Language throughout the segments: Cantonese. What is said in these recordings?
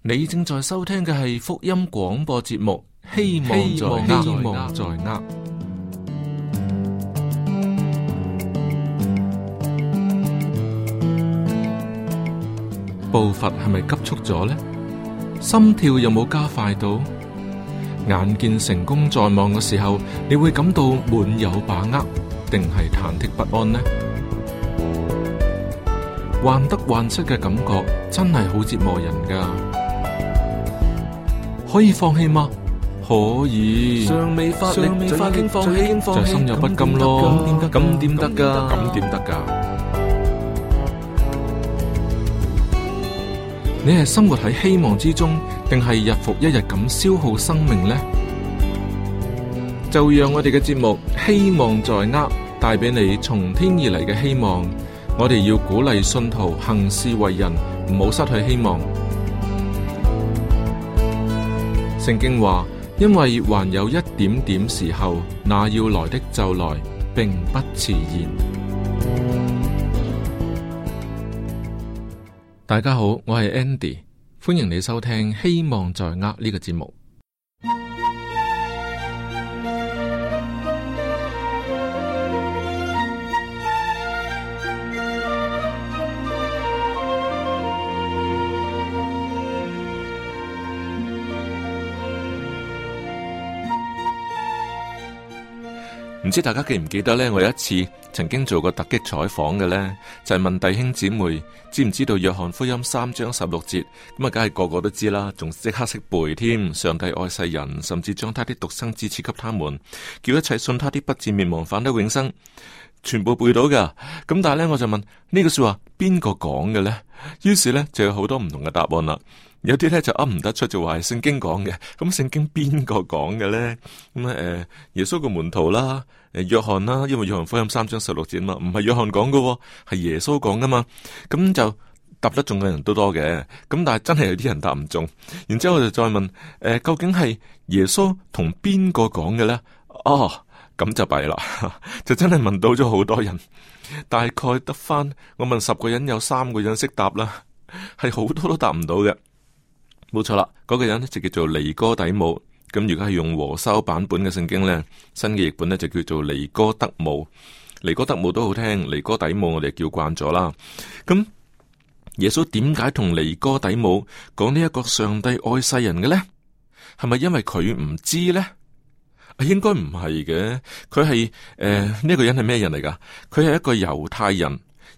你正在收聽嘅係福音廣播節目，希望希望在握。步伐係咪急促咗呢？心跳有冇加快到？眼見成功在望嘅時候，你會感到滿有把握，定係忐忑不安呢？患得患失嘅感覺真係好折磨人噶。可以放棄嗎？可以，尚未發力，最終放棄就心有不甘咯。咁點得？咁點得噶？咁點得噶？你係生活喺希望之中，定係日復一日咁消耗生命呢？就讓我哋嘅節目《希望在握》帶俾你從天而嚟嘅希望。我哋要鼓勵信徒行事為人，唔好失去希望。聖經話，因為還有一點點時候，那要來的就來，並不遲延。大家好，我係 Andy，歡迎你收聽《希望在握》呢個節目。唔知大家記唔記得呢？我有一次曾經做過突擊採訪嘅呢，就係、是、問弟兄姊妹知唔知道《約翰福音》三章十六節咁啊，梗係個個都知啦，仲即刻識背添。上帝愛世人，甚至將他啲獨生子賜給他們，叫一切信他啲不至滅亡，反得永生。全部背到噶。咁但係呢，我就問呢句說話邊個講嘅呢？於是呢，就有好多唔同嘅答案啦。有啲呢，就噏唔得出，就話係聖經講嘅。咁聖經邊個講嘅呢？咁啊誒，耶穌嘅門徒啦。誒，約翰啦，因為約翰福音三章十六節啊嘛，唔係約翰講噶，係耶穌講噶嘛，咁就答得中嘅人都多嘅，咁但係真係有啲人答唔中，然之後我就再問，誒、呃，究竟係耶穌同邊個講嘅咧？哦，咁就弊啦， 就真係問到咗好多人，大概得返，我問十個人有三個人識答啦，係 好多都答唔到嘅，冇錯啦，嗰、那個人就叫做尼哥底母。咁如果係用和修版本嘅聖經咧，新嘅譯本咧就叫做尼哥德慕，尼哥德慕都好聽，尼哥底母我哋叫慣咗啦。咁耶穌點解同尼哥底母講呢一個上帝愛世人嘅咧？係咪因為佢唔知咧？應該唔係嘅，佢係誒呢個人係咩人嚟噶？佢係一個猶太人，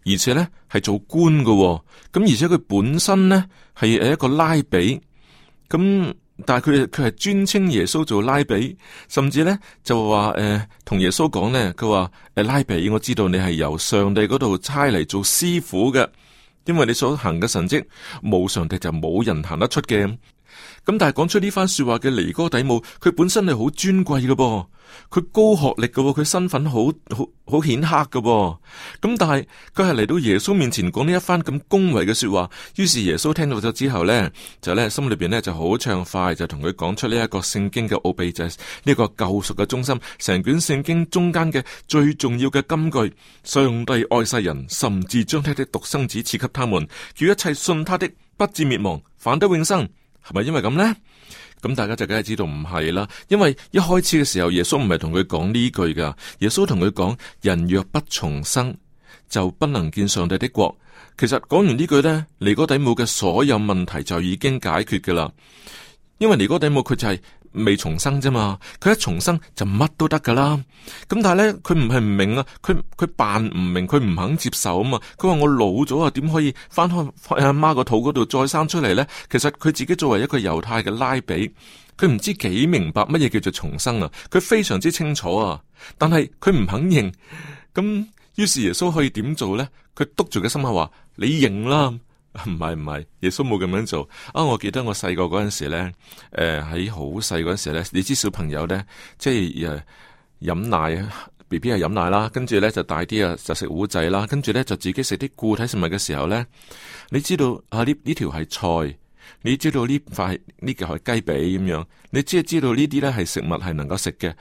而且咧係做官嘅，哦，咁而且佢本身咧係誒一個拉比，咁。但係佢，佢係尊稱耶穌做拉比，甚至咧就話誒，同、呃、耶穌講咧，佢話誒拉比，我知道你係由上帝嗰度差嚟做師傅嘅，因為你所行嘅神蹟冇上帝就冇人行得出嘅。咁但係講出呢番說話嘅尼哥底母，佢本身係好尊貴嘅噃，佢高學歷嘅，佢身份好好好顯赫嘅噃。咁但係佢係嚟到耶穌面前講呢一番咁恭維嘅說話，於是耶穌聽到咗之後咧，就咧心裏邊咧就好暢快，就同佢講出呢一個聖經嘅奧秘就係呢個救贖嘅中心，成卷聖經中間嘅最重要嘅金句：上帝愛世人，甚至將他的獨生子賜給他們，叫一切信他的不至滅亡，反得永生。係咪因為咁咧？咁大家就梗係知道唔係啦。因為一開始嘅時候，耶穌唔係同佢講呢句噶。耶穌同佢講：人若不重生，就不能見上帝的國。其實講完呢句咧，尼哥底母嘅所有問題就已經解決噶啦。因為尼哥底母佢就係。未重生啫嘛，佢一重生就乜都得噶啦。咁但係咧，佢唔係唔明啊，佢佢扮唔明，佢唔肯接受啊嘛。佢話我老咗啊，點可以翻開阿媽個肚嗰度再生出嚟咧？其實佢自己作為一個猶太嘅拉比，佢唔知幾明白乜嘢叫做重生啊。佢非常之清楚啊，但係佢唔肯認。咁於是耶穌可以點做咧？佢篤住個心口話：你認啦。唔係唔係，耶穌冇咁樣做啊、哦！我記得我細個嗰陣時咧，誒喺好細嗰陣時咧，你知小朋友咧，即係誒飲奶，B B 係飲奶啦，跟住咧就大啲啊就食糊仔啦，跟住咧就自己食啲固體食物嘅時候咧，你知道啊呢呢條係菜，你知道呢塊呢嚿係雞髀咁樣，你只係知道呢啲咧係食物係能夠食嘅，咁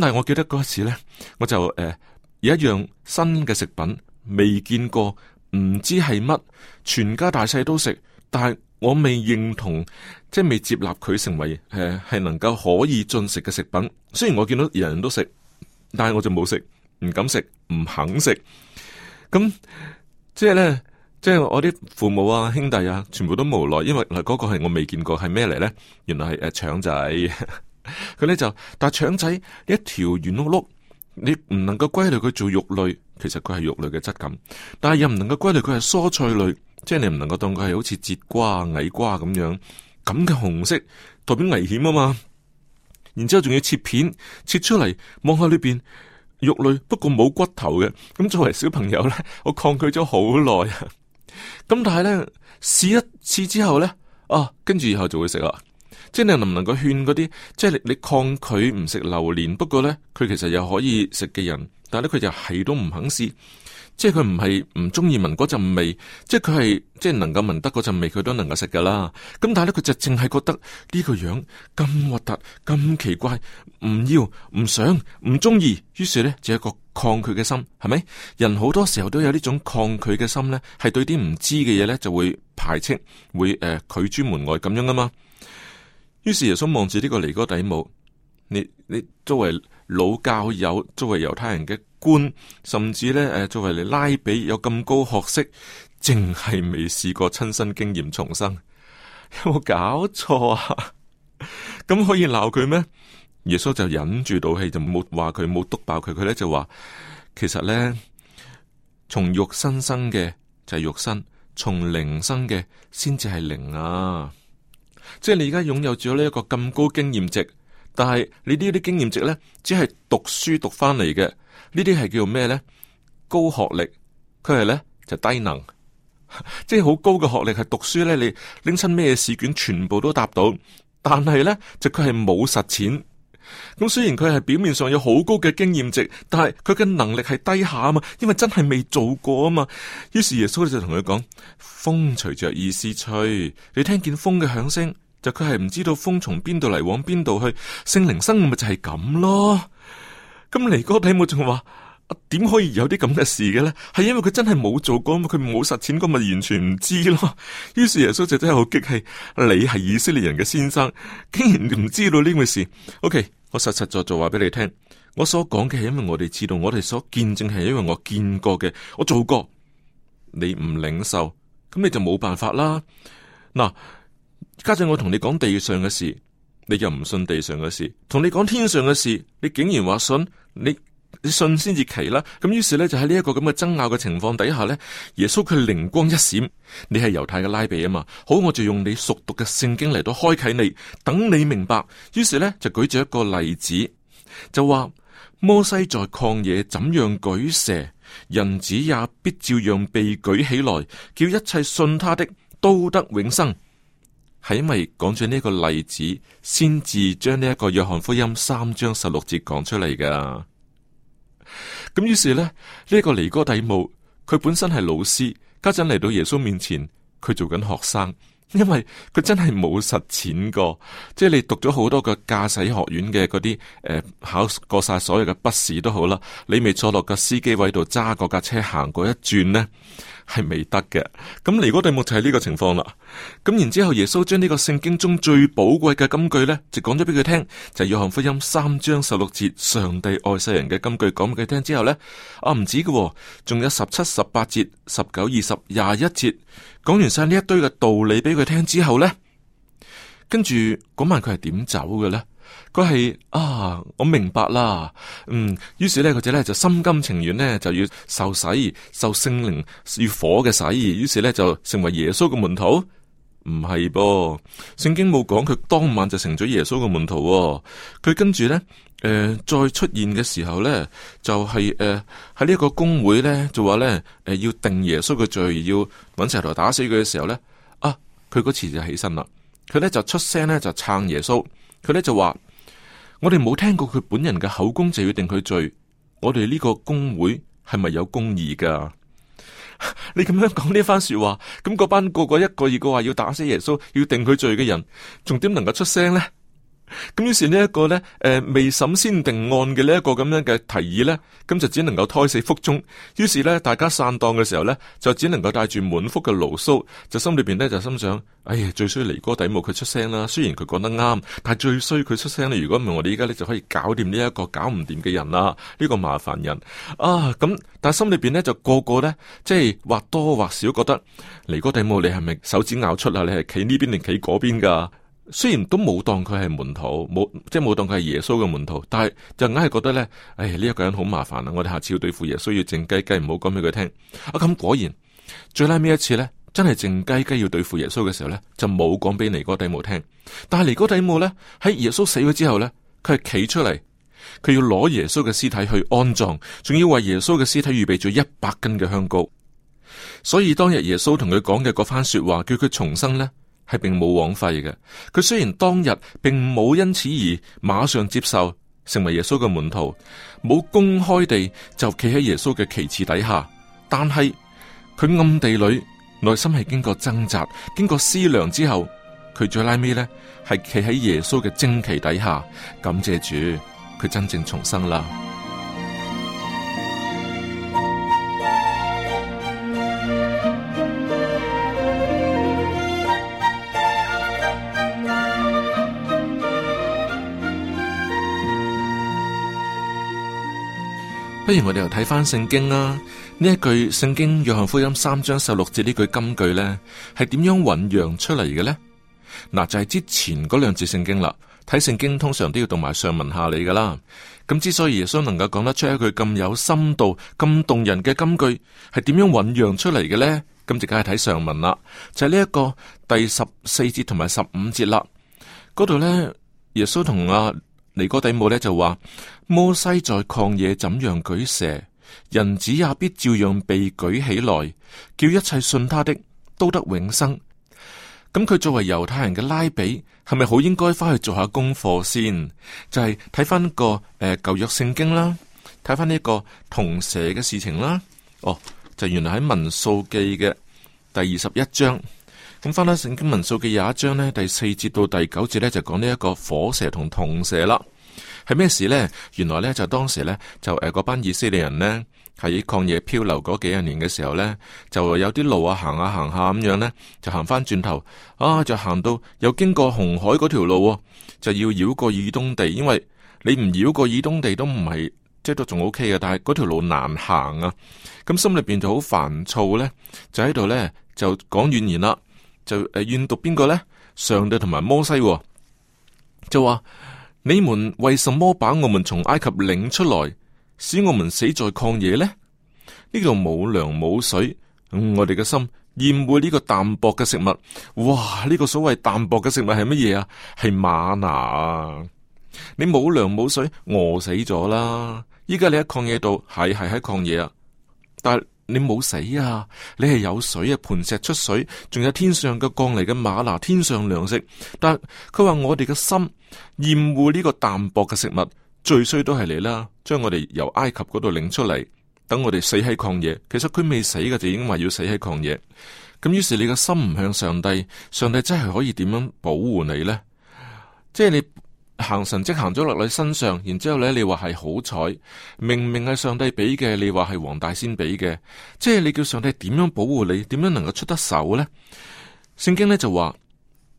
但係我記得嗰時咧，我就誒、呃、有一樣新嘅食品未見過。唔知係乜，全家大細都食，但係我未認同，即係未接納佢成為誒係、呃、能夠可以進食嘅食品。雖然我見到人人都食，但係我就冇食，唔敢食，唔肯食。咁即係咧，即係我啲父母啊、兄弟啊，全部都無奈，因為嗱，嗰個係我未見過係咩嚟咧？原來係誒腸仔，佢咧就，但係腸仔一條圓碌碌。你唔能夠歸類佢做肉類，其實佢係肉類嘅質感，但係又唔能夠歸類佢係蔬菜類，即係你唔能夠當佢係好似節瓜、矮瓜咁樣咁嘅紅色，代表危險啊嘛。然之後仲要切片，切出嚟望下裏邊，肉類不過冇骨頭嘅。咁作為小朋友咧，我抗拒咗好耐啊。咁 但係咧，試一次之後咧，啊，跟住以後就會食啦。即係你能唔能夠勸嗰啲，即係你你抗拒唔食榴蓮不過咧，佢其實又可以食嘅人，但係咧佢就係都唔肯試，即係佢唔係唔中意聞嗰陣味，即係佢係即係能夠聞得嗰陣味，佢都能夠食噶啦。咁但係咧，佢就淨係覺得呢個樣咁核突咁奇怪，唔要唔想唔中意，於是咧就有一個抗拒嘅心，係咪？人好多時候都有呢種抗拒嘅心咧？係對啲唔知嘅嘢咧就會排斥，會誒、呃、拒諸門外咁樣噶嘛？於是耶穌望住呢個尼哥底母，你你作為老教友，作為猶太人嘅官，甚至咧誒，作為你拉比有咁高學識，淨係未試過親身經驗重生，有冇搞錯啊？咁 可以鬧佢咩？耶穌就忍住道氣，就冇話佢，冇督爆佢，佢咧就話：其實咧，從肉身生嘅就係肉身，從靈生嘅先至係靈啊。即係你而家擁有咗呢一個咁高經驗值，但係你呢啲經驗值咧，只係讀書讀翻嚟嘅，呢啲係叫做咩咧？高學歷，佢係咧就低能， 即係好高嘅學歷係讀書咧，你拎親咩試卷全部都答到，但係咧就佢係冇實踐。咁雖然佢係表面上有好高嘅經驗值，但係佢嘅能力係低下啊嘛，因為真係未做過啊嘛。於是耶穌就同佢講：風隨着意思吹，你聽見風嘅響聲，就佢係唔知道風從邊度嚟，往邊度去。聖靈生咁咪就係咁咯。咁尼哥底母仲話：點、啊、可以有啲咁嘅事嘅咧？係因為佢真係冇做過，佢冇實踐過，咪完全唔知咯。於是耶穌就真係好激氣：你係以色列人嘅先生，竟然唔知道呢回事。O K。我實實在在話畀你聽，我所講嘅係因為我哋知道，我哋所見證係因為我見過嘅，我做過。你唔領受，咁你就冇辦法啦。嗱，家陣我同你講地上嘅事，你就唔信地上嘅事；同你講天上嘅事，你竟然話信你。你信先至奇啦，咁於是咧就喺呢一個咁嘅爭拗嘅情況底下呢，耶穌佢靈光一閃，你係猶太嘅拉比啊嘛，好，我就用你熟讀嘅聖經嚟到開啟你，等你明白。於是呢，就舉住一個例子，就話摩西在曠野怎樣舉蛇，人子也必照樣被舉起來，叫一切信他的都得永生。係因為講咗呢個例子，先至將呢一個約翰福音三章十六節講出嚟噶。咁於是呢，呢、這個尼哥底母，佢本身係老師，家陣嚟到耶穌面前，佢做緊學生。因為佢真係冇實踐過，即係你讀咗好多個駕駛學院嘅嗰啲誒，考過晒所有嘅筆試都好啦，你未坐落個司機位度揸嗰架車行過一轉呢，係未得嘅。咁尼哥底母就係呢個情況啦。咁然之後，耶穌將呢個聖經中最寶貴嘅金句呢，就講咗俾佢聽，就約翰福音三章十六節，上帝愛世人嘅金句講俾佢聽之後呢，啊唔止嘅、哦，仲有十七、十八節、十九、二十、廿一節。講完晒呢一堆嘅道理俾佢聽之後咧，跟住嗰晚佢係點走嘅咧？佢係啊，我明白啦，嗯，於是咧佢就咧就心甘情願咧就要受洗，受聖靈，與火嘅洗，於是咧就成為耶穌嘅門徒。唔係噃，聖經冇講佢當晚就成咗耶穌嘅門徒，哦。佢跟住咧，誒、呃，再出現嘅時候咧，就係誒喺呢個公會咧，就話咧，誒、呃、要定耶穌嘅罪，要揾石頭打死佢嘅時候咧，啊，佢嗰次就起身啦，佢咧就出聲咧就撐耶穌，佢咧就話我哋冇聽過佢本人嘅口供就要定佢罪，我哋呢個公會係咪有公義噶？ 你咁樣講呢番說話，咁、那、嗰、個、班個個一個二個話要打死耶穌，要定佢罪嘅人，仲點能夠出聲呢？咁於是呢一個咧，誒未審先定案嘅呢一個咁樣嘅提議咧，咁就只能夠胎死腹中。於是咧，大家散檔嘅時候咧，就只能夠帶住滿腹嘅牢騷，就心裏邊咧就心想：哎呀，最衰尼哥底母佢出聲啦。雖然佢講得啱，但係最衰佢出聲咧，如果唔係我哋依家咧就可以搞掂呢一個搞唔掂嘅人啦，呢個麻煩人啊。咁但係心裏邊咧就個個咧，即係或多或少覺得尼哥底母你係咪手指拗出啊？你係企呢邊定企嗰邊噶？雖然都冇當佢係門徒，冇，即係冇當佢係耶穌嘅門徒，但係就硬係覺得咧，哎呢一個人好麻煩啊！我哋下次要對付耶穌要靜雞雞，唔好講俾佢聽。啊咁果然，最拉尾一次咧，真係靜雞雞要對付耶穌嘅時候咧，就冇講俾尼哥底姆聽。但係尼哥底姆咧喺耶穌死咗之後咧，佢係企出嚟，佢要攞耶穌嘅屍體去安葬，仲要為耶穌嘅屍體預備咗一百斤嘅香膏。所以當日耶穌同佢講嘅嗰番說話，叫佢重生咧，係並冇枉費嘅。佢雖然當日並冇因此而馬上接受成為耶穌嘅門徒，冇公開地就企喺耶穌嘅旗幟底下，但係佢暗地裏內心係經過掙扎、經過思量之後，佢最拉尾咧係企喺耶穌嘅旌旗底下，感謝主，佢真正重生啦。不如我哋又睇翻聖經啦，呢一句《聖經約翰福音》三章十六節呢句金句咧，係點樣醞釀出嚟嘅咧？嗱，就係之前嗰兩節聖經啦。睇聖經通常都要讀埋上文下理噶啦。咁之所以耶穌能夠講得出一句咁有深度、咁動人嘅金句，係點樣醞釀出嚟嘅咧？咁就梗係睇上文啦。就係呢一個第十四節同埋十五節啦。嗰度咧，耶穌同阿。尼哥底母呢就話，摩西在曠野怎樣舉蛇，人子也必照樣被舉起來，叫一切信他的都得永生。咁佢作為猶太人嘅拉比，係咪好應該翻去做下功課先？就係睇翻個誒、呃、舊約聖經啦，睇翻呢個銅蛇嘅事情啦。哦，就原來喺民數記嘅第二十一章。咁翻到聖經民數記廿一章咧，第四節到第九節咧，就講呢一個火蛇同銅蛇啦。係咩事咧？原來咧，就當時咧，就誒班、呃、以色列人咧喺曠野漂流嗰幾廿年嘅時候咧，就有啲路啊行下、啊、行下、啊、咁、啊、樣咧，就行翻轉頭啊，就行到又經過紅海嗰條路、啊，就要繞過以東地，因為你唔繞過以東地都唔係，即係都仲 O K 嘅，但係嗰條路難行啊。咁心裏邊就好煩躁咧，就喺度咧就講怨言啦。就誒，怨、呃、讀邊個咧？上帝同埋摩西、哦、就話：你們為什麼把我們從埃及領出來，使我們死在曠野呢？呢度冇糧冇水，我哋嘅心厭會呢個淡薄嘅食物。哇！呢、這個所謂淡薄嘅食物係乜嘢啊？係瑪拿。你冇糧冇水，餓死咗啦！依家你喺曠野度，係係喺曠野啊，但係。你冇死啊！你係有水啊，磐石出水，仲有天上嘅降嚟嘅馬拿天上糧食。但佢話我哋嘅心厭惡呢個淡薄嘅食物，最衰都係你啦，將我哋由埃及嗰度領出嚟，等我哋死喺曠野。其實佢未死嘅就已經話要死喺曠野。咁於是你嘅心唔向上帝，上帝真係可以點樣保護你呢？即係你。行神即行咗落你身上，然之後咧，你話係好彩，明明係上帝俾嘅，你話係黃大仙俾嘅，即係你叫上帝點樣保護你？點樣能夠出得手呢？聖經呢就話，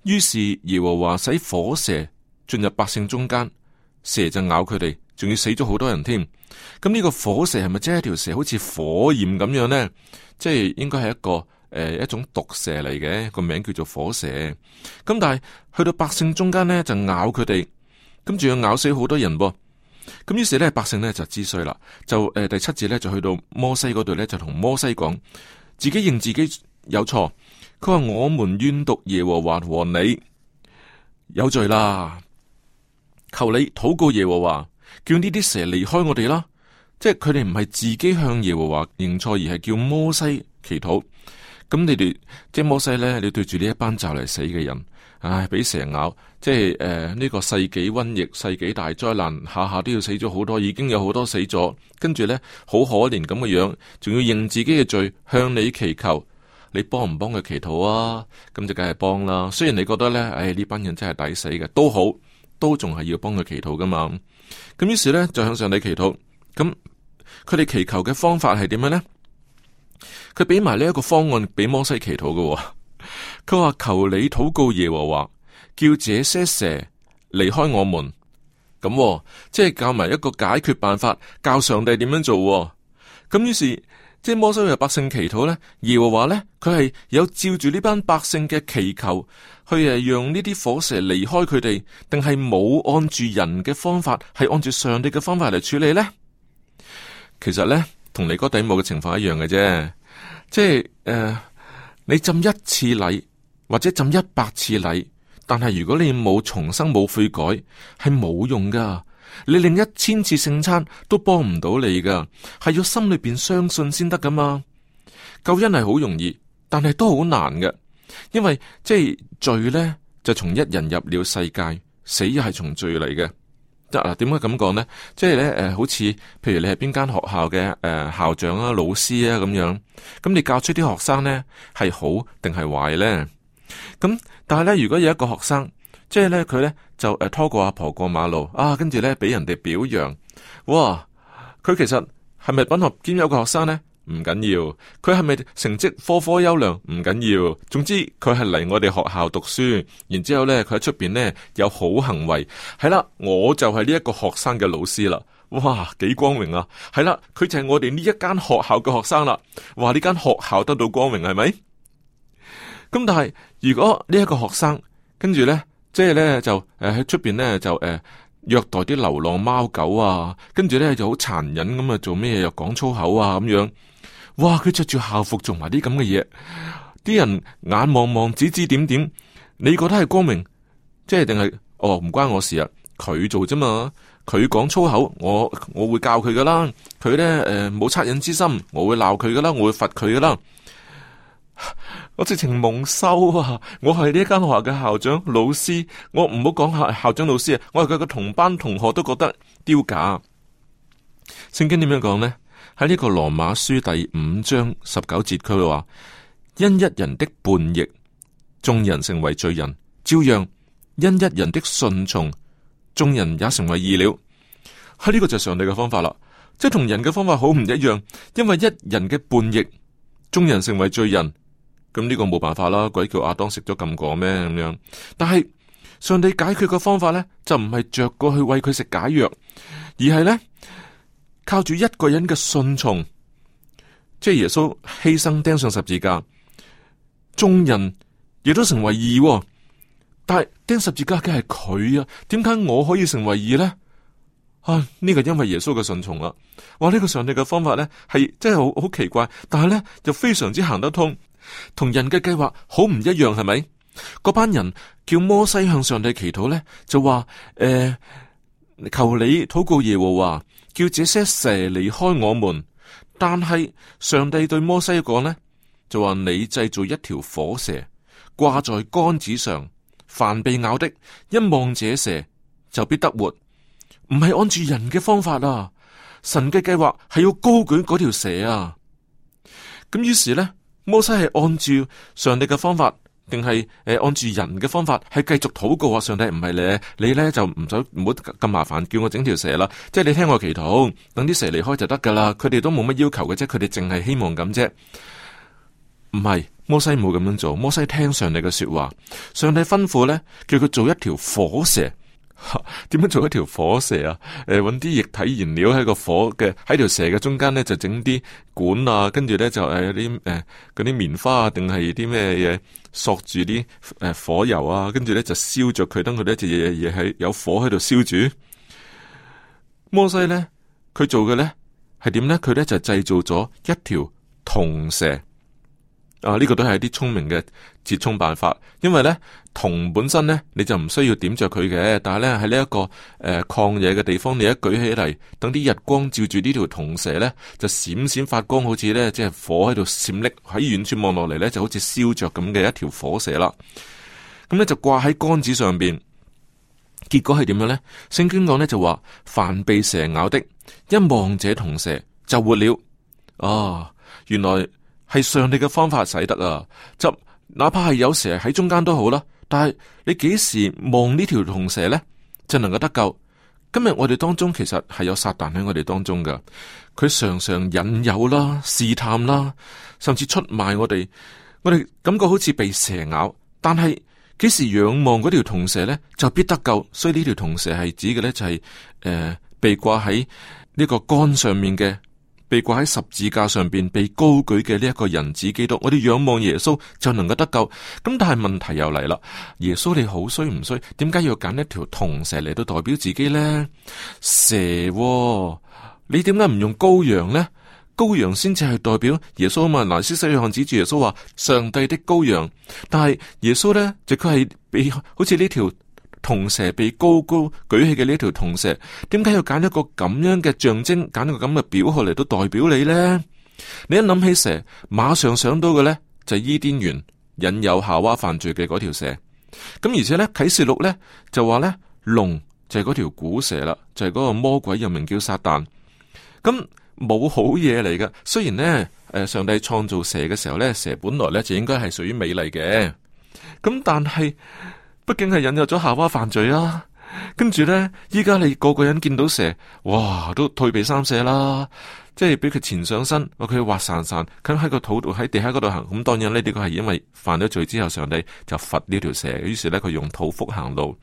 於是耶和華使火蛇進入百姓中間，蛇就咬佢哋，仲要死咗好多人添。咁呢個火蛇係咪即係一條蛇，好似火焰咁樣呢？即係應該係一個誒、呃、一種毒蛇嚟嘅，個名叫做火蛇。咁但係去到百姓中間呢，就咬佢哋。咁仲要咬死好多人，咁於是咧，百姓咧就知衰啦。就誒、呃，第七節咧就去到摩西嗰度咧，就同摩西講自己認自己有錯。佢話我們怨毒耶和華和你有罪啦，求你禱告耶和華，叫呢啲蛇離開我哋啦。即係佢哋唔係自己向耶和華認錯，而係叫摩西祈禱。咁你哋，即係摩西咧，你對住呢一班就嚟死嘅人，唉，俾蛇咬，即係誒呢個世紀瘟疫，世紀大災難，下下都要死咗好多，已經有好多死咗，跟住咧好可憐咁嘅樣，仲要認自己嘅罪，向你祈求，你幫唔幫佢祈禱啊？咁就梗係幫啦。雖然你覺得咧，唉呢班人真係抵死嘅，都好，都仲係要幫佢祈禱噶嘛。咁於是咧，就向上帝祈禱。咁佢哋祈求嘅方法係點樣咧？佢俾埋呢一個方案俾摩西祈禱嘅、哦，佢話，求你禱告耶和華，叫這些蛇離開我們。咁、哦、即係教埋一個解決辦法，教上帝點樣做、哦。咁於是即係摩西又百姓祈禱咧，耶和華咧，佢係有照住呢班百姓嘅祈求去誒，讓呢啲火蛇離開佢哋，定係冇按住人嘅方法，係按住上帝嘅方法嚟處理咧？其實咧。同尼哥底母嘅情況一樣嘅啫，即係誒、呃，你浸一次禮或者浸一百次禮，但係如果你冇重生冇悔改，係冇用噶。你連一千次聖餐都幫唔到你噶，係要心裏邊相信先得噶嘛。救恩係好容易，但係都好難嘅，因為即係罪咧就從一人入了世界，死又係從罪嚟嘅。嗱，點解咁講呢？即係咧，誒、呃，好似譬如你係邊間學校嘅誒、呃、校長啊、老師啊咁樣，咁、嗯、你教出啲學生呢係好定係壞呢？咁、嗯、但係咧，如果有一個學生，即係咧佢咧就誒、呃、拖個阿婆過馬路啊，跟住咧俾人哋表揚，哇！佢其實係咪品學兼優嘅學生咧？唔緊要，佢係咪成績科科優良唔緊要，總之佢係嚟我哋學校讀書，然之後呢佢喺出邊呢有好行為，係啦，我就係呢一個學生嘅老師啦，哇，幾光榮啊，係啦，佢就係我哋呢一間學校嘅學生啦，哇，呢間學校得到光榮係咪？咁但係如果呢一個學生跟住呢，即係呢，就誒喺出邊呢，就誒、呃、虐待啲流浪貓狗啊，跟住呢就好殘忍咁啊做咩又講粗口啊咁樣。哇！佢着住校服做埋啲咁嘅嘢，啲人眼望望指指點點，你覺得係光明？即係定係？哦，唔關我事啊！佢做啫嘛，佢講粗口，我我會教佢噶啦，佢咧誒冇惻隱之心，我會鬧佢噶啦，我會罰佢噶啦。 我直情蒙羞啊！我係呢一間學校嘅校，校長老師，我唔好講校校長老師啊，我係佢嘅同班同學都覺得丟架。聖經點樣講呢？喺呢個羅馬書第五章十九節，佢話因一人的叛逆，眾人成為罪人，照樣因一人的順從，眾人也成為義了。喺、啊、呢、這個就係上帝嘅方法啦，即係同人嘅方法好唔一樣，因為一人嘅叛逆，眾人成為罪人，咁呢個冇辦法啦，鬼叫阿當食咗禁果咩咁樣？但係上帝解決嘅方法咧，就唔係着過去餵佢食解藥，而係咧。靠住一個人嘅信從，即係耶穌犧牲釘上十字架，眾人亦都成為義，哦。但係釘十字架嘅係佢啊，點解我可以成為義咧？啊、呢、這個因為耶穌嘅信從啦。話呢、這個上帝嘅方法咧，係真係好好奇怪，但係咧就非常之行得通，同人嘅計劃好唔一樣，係咪？嗰班人叫摩西向上帝祈禱咧，就話誒、呃，求你禱告耶和華。叫這些蛇離開我們，但係上帝對摩西講呢，就話你製造一條火蛇掛在桿子上，凡被咬的，一望這蛇就必得活。唔係按住人嘅方法啊，神嘅計劃係要高舉嗰條蛇啊。咁於是呢，摩西係按照上帝嘅方法。定係誒，按住人嘅方法，係繼續禱告啊！上帝唔係你，你咧就唔使唔好咁麻煩，叫我整條蛇啦。即係你聽我祈禱，等啲蛇離開就得噶啦。佢哋都冇乜要求嘅啫，佢哋淨係希望咁啫。唔係摩西冇咁樣做，摩西聽上帝嘅說話，上帝吩咐咧，叫佢做一條火蛇。點樣做一條火蛇啊？誒、呃，搵啲液體燃料喺個火嘅，喺條蛇嘅中間咧，就整啲管啊，跟住咧就誒啲誒啲棉花啊，定係啲咩嘢索住啲誒、呃、火油啊，跟住咧就燒着佢，等佢一隻嘢嘢喺有火喺度燒住。摩西咧，佢做嘅咧係點咧？佢咧就製造咗一條銅蛇。啊！呢、這個都係啲聰明嘅折衷辦法，因為呢銅本身呢，你就唔需要點着佢嘅，但係呢，喺呢一個誒、呃、曠野嘅地方，你一舉起嚟，等啲日光照住呢條銅蛇呢，就閃閃發光，好似呢，即係火喺度閃匿，喺遠處望落嚟呢，就好似燒着咁嘅一條火蛇啦。咁、嗯、呢，就掛喺杆子上邊，結果係點樣呢？聖經講呢，就話，凡被蛇咬的，一望這銅蛇就活了。哦、啊，原來。係上帝嘅方法使得啦，就哪怕係有蛇喺中間都好啦。但係你幾時望呢條銅蛇咧，就能夠得救？今日我哋當中其實係有撒旦喺我哋當中噶，佢常常引誘啦、試探啦，甚至出賣我哋。我哋感覺好似被蛇咬，但係幾時仰望嗰條銅蛇咧，就必得救。所以呢條銅蛇係指嘅咧，就係誒被掛喺呢個杆上面嘅，被掛喺十字架上邊被高舉嘅呢一個人子基督，我哋仰望耶穌就能夠得救。咁但係問題又嚟啦，耶穌你好衰唔衰？點解要揀一條銅蛇嚟到代表自己呢？蛇，哦，你點解唔用羔羊呢？羔羊先至係代表耶穌嘛？嗱，施洗約翰指住耶穌話：上帝的羔羊。但係耶穌呢，就佢係俾好似呢條。銅蛇被高高舉起嘅呢條銅蛇，點解要揀一個咁樣嘅象徵，揀一個咁嘅表號嚟到代表你呢？你一諗起蛇，馬上想到嘅呢，就係伊甸園引誘夏娃犯罪嘅嗰條蛇。咁而且呢，啟示錄呢，就話呢，龍就係嗰條古蛇啦，就係嗰個魔鬼又名叫撒旦。咁冇好嘢嚟㗎。雖然呢，誒上帝創造蛇嘅時候呢，蛇本來呢就應該係屬於美麗嘅，咁但係，畢竟係引誘咗夏娃犯罪啦，啊，跟住咧，依家你個個人見到蛇，哇都退避三舍啦，即係俾佢纏上身，佢滑潺潺，咁喺個肚度喺地下嗰度行，咁、嗯、當然呢呢個係因為犯咗罪之後，上帝就罰呢條蛇，於是咧佢用肚腹行路，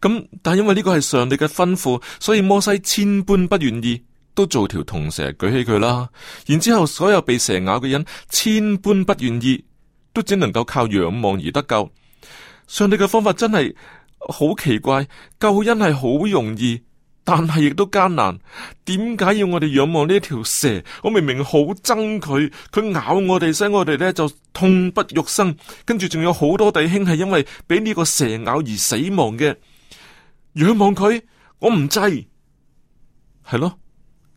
咁、嗯、但係因為呢個係上帝嘅吩咐，所以摩西千般不願意都做條銅蛇舉起佢啦，然之後所有被蛇咬嘅人千般不願意，都只能夠靠仰望而得救。上帝嘅方法真係好奇怪，救恩係好容易，但係亦都艱難。點解要我哋仰望呢條蛇？我明明好憎佢，佢咬我哋，使我哋咧就痛不欲生。跟住仲有好多弟兄係因為俾呢個蛇咬而死亡嘅。仰望佢，我唔制，係咯，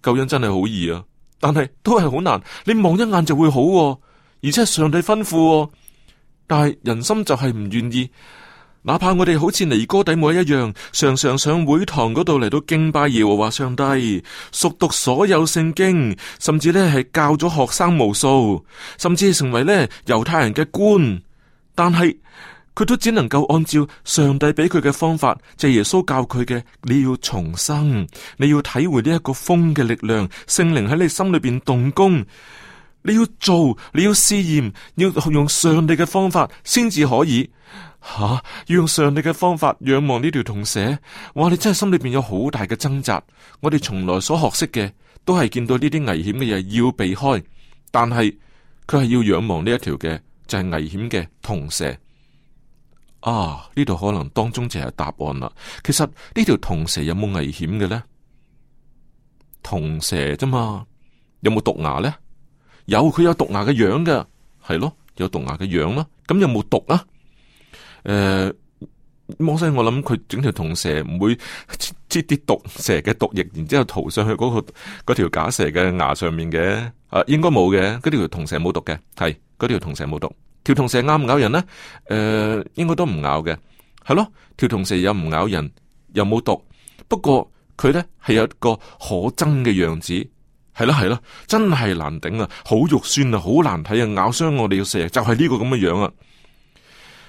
救恩真係好易啊，但係都係好難。你望一眼就會好喎，而且係上帝吩咐喎。但係人心就係唔願意，哪怕我哋好似尼哥底摩一樣，常常上會堂嗰度嚟到敬拜耶和華上帝，熟讀所有聖經，甚至咧係教咗學生無數，甚至成為咧猶太人嘅官，但係佢都只能夠按照上帝俾佢嘅方法，即係耶穌教佢嘅，你要重生，你要體會呢一個風嘅力量，聖靈喺你心裏邊動工。你要做，你要試驗，要用上帝嘅方法先至可以吓、啊。要用上帝嘅方法仰望呢條銅蛇。哇！你真係心裏邊有好大嘅掙扎。我哋從來所學識嘅都係見到呢啲危險嘅嘢要避開，但係佢係要仰望呢一條嘅就係、是、危險嘅銅蛇啊！呢度可能當中就係答案啦。其實呢條銅蛇有冇危險嘅咧？銅蛇啫嘛，有冇毒牙咧？有，佢有毒牙嘅樣㗎。係咯，有毒牙嘅樣咯。咁有冇毒啊？誒，冇使，我諗佢整條銅蛇唔會接啲毒蛇嘅毒液，然之後塗上去嗰個、嗰條假蛇嘅牙上面嘅。誒、啊，應該冇嘅。嗰條銅蛇冇毒嘅，係嗰條銅蛇冇毒。條銅蛇咬唔咬人咧？誒、呃，應該都唔咬嘅，係咯。條銅蛇又唔咬人，又冇毒。不過佢咧，係有一個可憎嘅樣子。係啦，係啦，真係難頂啊！好肉酸啊，好難睇啊，咬傷我哋、就是、個蛇就係呢個咁嘅樣啊。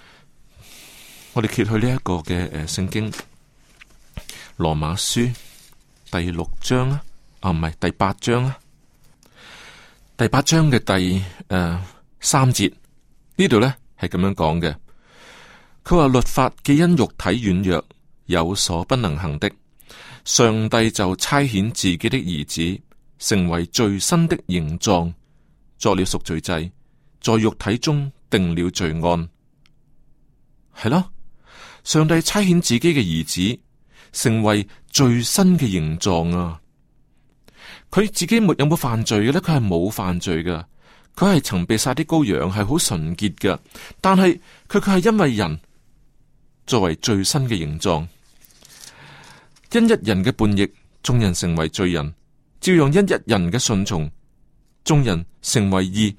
我哋揭去呢一個嘅誒，聖、呃、經羅馬書第六章啊，啊唔係、啊、第八章啊，第八章嘅第誒、呃、三節呢度咧係咁樣講嘅。佢話律法既因肉體軟弱有所不能行的，上帝就差遣自己的兒子。成為罪身的形狀，作了贖罪祭，在肉體中定了罪案。係咯，上帝差遣自己嘅兒子成為罪身嘅形狀啊。佢自己沒有冇犯罪嘅呢佢係冇犯罪噶，佢係曾被殺啲羔羊，係好純潔噶。但係佢佢係因為人作為罪身嘅形狀，因一人嘅叛逆，眾人成為罪人。照用一一人嘅順從，眾人成為義，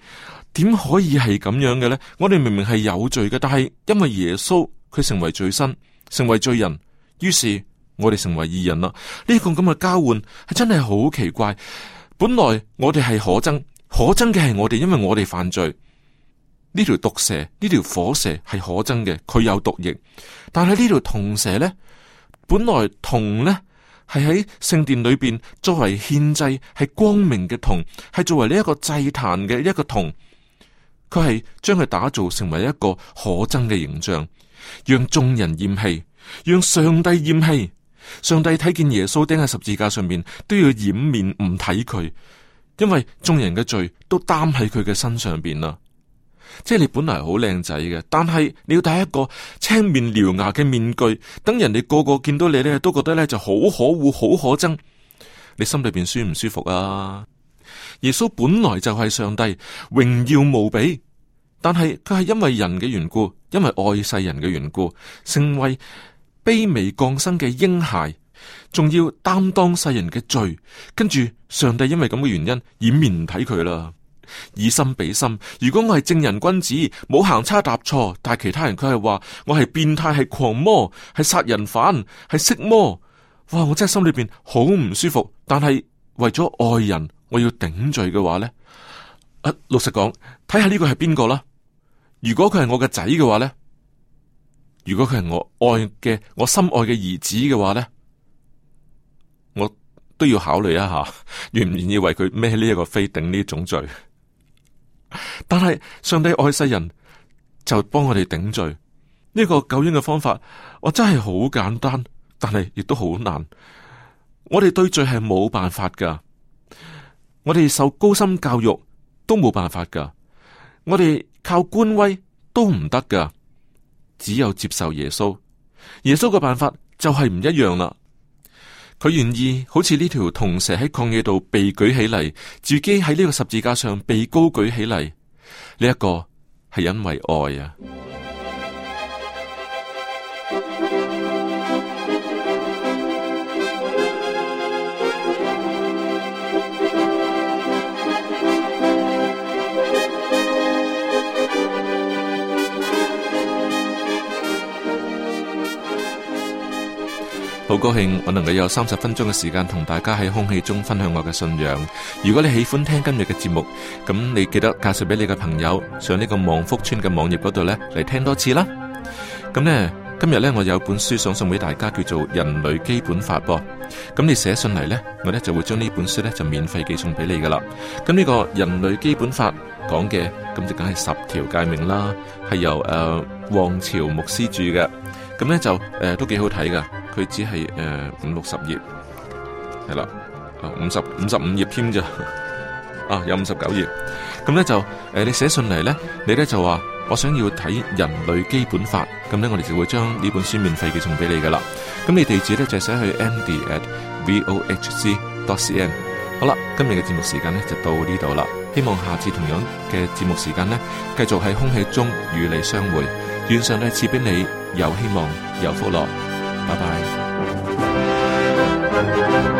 點可以係咁樣嘅呢？我哋明明係有罪嘅，但係因為耶穌佢成為罪身，成為罪人，於是我哋成為義人啦。呢個咁嘅交換係真係好奇怪。本來我哋係可憎，可憎嘅係我哋，因為我哋犯罪。呢條毒蛇，呢條火蛇係可憎嘅，佢有毒液。但係呢條銅蛇呢，本來銅呢。係喺聖殿裏邊作為獻祭，係光明嘅銅，係作為呢一個祭壇嘅一個銅。佢係將佢打造成為一個可憎嘅形象，讓眾人厭棄，讓上帝厭棄。上帝睇見耶穌釘喺十字架上面，都要掩面唔睇佢，因為眾人嘅罪都擔喺佢嘅身上邊啦。即係你本來好靚仔嘅，但係你要戴一個青面獠牙嘅面具，等人哋個個見到你咧都覺得咧就好可惡、好可憎，你心裏邊舒唔舒服啊？耶穌本來就係上帝，榮耀無比，但係佢係因為人嘅緣故，因為愛世人嘅緣故，成為卑微降生嘅嬰孩，仲要擔當世人嘅罪，跟住上帝因為咁嘅原因掩面唔睇佢啦。以心比心，如果我係正人君子，冇行差踏錯，但係其他人佢係話我係變態、係狂魔、係殺人犯、係色魔，哇！我真係心裏邊好唔舒服。但係為咗愛人，我要頂罪嘅話呢？啊，老實講，睇下呢個係邊個啦。如果佢係我嘅仔嘅話呢？如果佢係我愛嘅、我心愛嘅兒子嘅話呢？我都要考慮一下，願唔願意為佢孭呢一個飛頂呢種罪？但係上帝愛世人，就幫我哋頂罪。呢個救恩嘅方法，我真係好簡單，但係亦都好難。我哋對罪係冇辦法噶，我哋受高深教育都冇辦法噶，我哋靠官威都唔得噶，只有接受耶穌。耶穌嘅辦法就係唔一樣啦。佢願意好似呢條銅蛇喺曠野度被舉起嚟，自己喺呢個十字架上被高舉起嚟，呢、這、一個係因為愛啊。好高興我能夠有三十分鐘嘅時間同大家喺空氣中分享我嘅信仰。如果你喜歡聽今日嘅節目，咁你記得介紹俾你嘅朋友上呢個望福村嘅網頁嗰度呢嚟聽多次啦。咁呢今日呢我有本書想送俾大家，叫做《人類基本法》噃。咁你寫信嚟呢，我呢就會將呢本書呢就免費寄送俾你噶啦。咁呢個人類基本法講嘅咁就梗係十條誡命啦，係由誒王朝牧師著嘅。咁呢就誒都幾好睇噶。佢只係誒、呃、五六十頁係啦，啊、哦、五,五十五十五頁添咋啊有五十九頁咁咧就誒你寫信嚟咧，你咧就話我想要睇人類基本法，咁咧我哋就會將呢本書免費寄送俾你噶啦。咁你地址咧就寫去 md at vohc dot cn。好啦，今日嘅節目時間咧就到呢度啦。希望下次同樣嘅節目時間咧，繼續喺空氣中與你相會。願上帝賜俾你有希望，有福樂。拜拜。